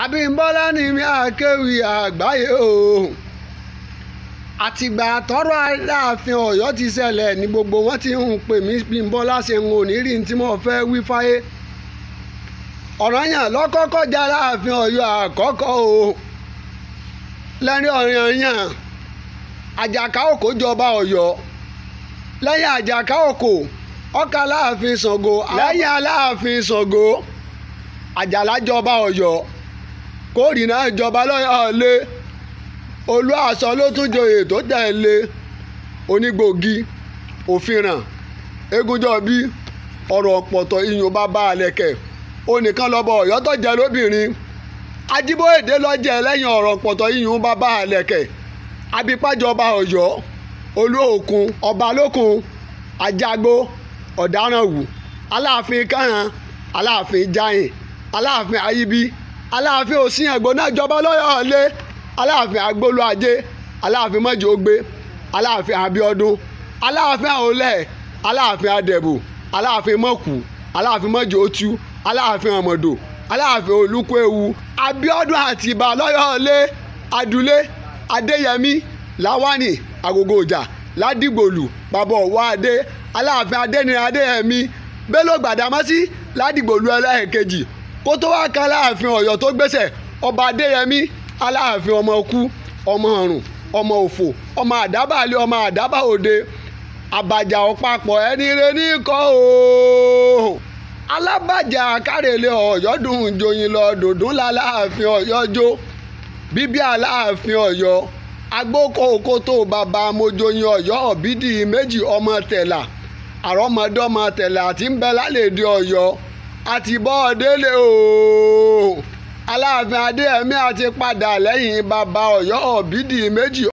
Abímbọ́lá ni mi àkéwì àgbáyé o àtìgbà tọ́rọ̀ aláàfin Ọ̀yọ́ ti ṣẹlẹ̀ ni gbogbo wọn ti ń pè mí Bímbọ́lá Ṣeun Onírí tí mo fẹ́ wí fáyé Ọ̀rànyàn lọ́kọ́kọ́ jẹ́ aláàfin Ọ̀yọ́ àkọ́kọ́ o lẹ́rìn Ọ̀rànyàn Àjàká Òkò jọba Ọ̀yọ́ lẹ́yìn Àjàká Òkò ọkà aláàfin Ṣàngó lẹ́yìn aláàfin Ṣàngó Àjàlá jọba Ọ̀yọ́. kórìíra ìjọba lọ́lẹ̀ olú àṣọ ló tún joyè tó tẹ̀lé onígbògi òfinràn egúnjọ́bí ọ̀rọ̀ ọ̀pọ̀tọ̀ iyùn bàbá àlẹ̀kẹ̀ onìkan lọ́bọ̀ ọ̀yọ́ jẹ́ lóbìnrin ajíbóyèdè lọ́jẹ́ lẹ́yìn ọ̀rọ̀ iyùn abipájọba ọ̀yọ́ ọba aláàfin òsín àgbọ̀nà jọba lọ́yọ̀ lé aláàfin àgbọ̀lù ajé aláàfin mọ́jì ogbé aláàfin àbíọdún aláàfin àolẹ̀ aláàfin àdẹ̀bù aláàfin mọ́kù aláàfin mọ́jì otu aláàfin àmọ̀dò aláàfin olùkọ́ ewu àbíọdún àtìbà lọ́yọ̀ lé adúlé adéyẹmí láwánì àgògò ọjà ládìgbòlù bàbá ọ̀wọ́ adé aláàfin adéniran adéyẹmí bello gbàdámọ́sí ládìgbòlù ẹlẹ́ẹ̀kejì kó tó wáá kan aláàfin ọ̀yọ́ tó gbéṣẹ̀ ọba adéyẹmí aláàfin ọmọ ọkú ọmọ ọ̀rùn ọmọ òfò ọmọ àdábàlẹ̀ ọmọ àdábà òde àbàjà ọ̀pápọ̀ ẹni rẹ ní kọ́ ooo alábàjà kárẹ̀lẹ̀ ọ̀yọ́ dùn joyin lọ dòdún láláàfin ọ̀yọ́ jó bíbí aláàfin ọ̀yọ́ agbóko òkótó bàbá mojoyin ọ̀yọ́ ọ̀bídìí méjì ọmọ tẹ̀là àrọ́mọdọ́mọ tẹ̀là àti ń bẹ lálẹ́ èdè ọ̀yọ́ àti bọ́ ọ délé ooo aláàfin adéyẹmí àti padà lẹ́yìn bàbá ọ̀yọ́ ọ̀bídì méjì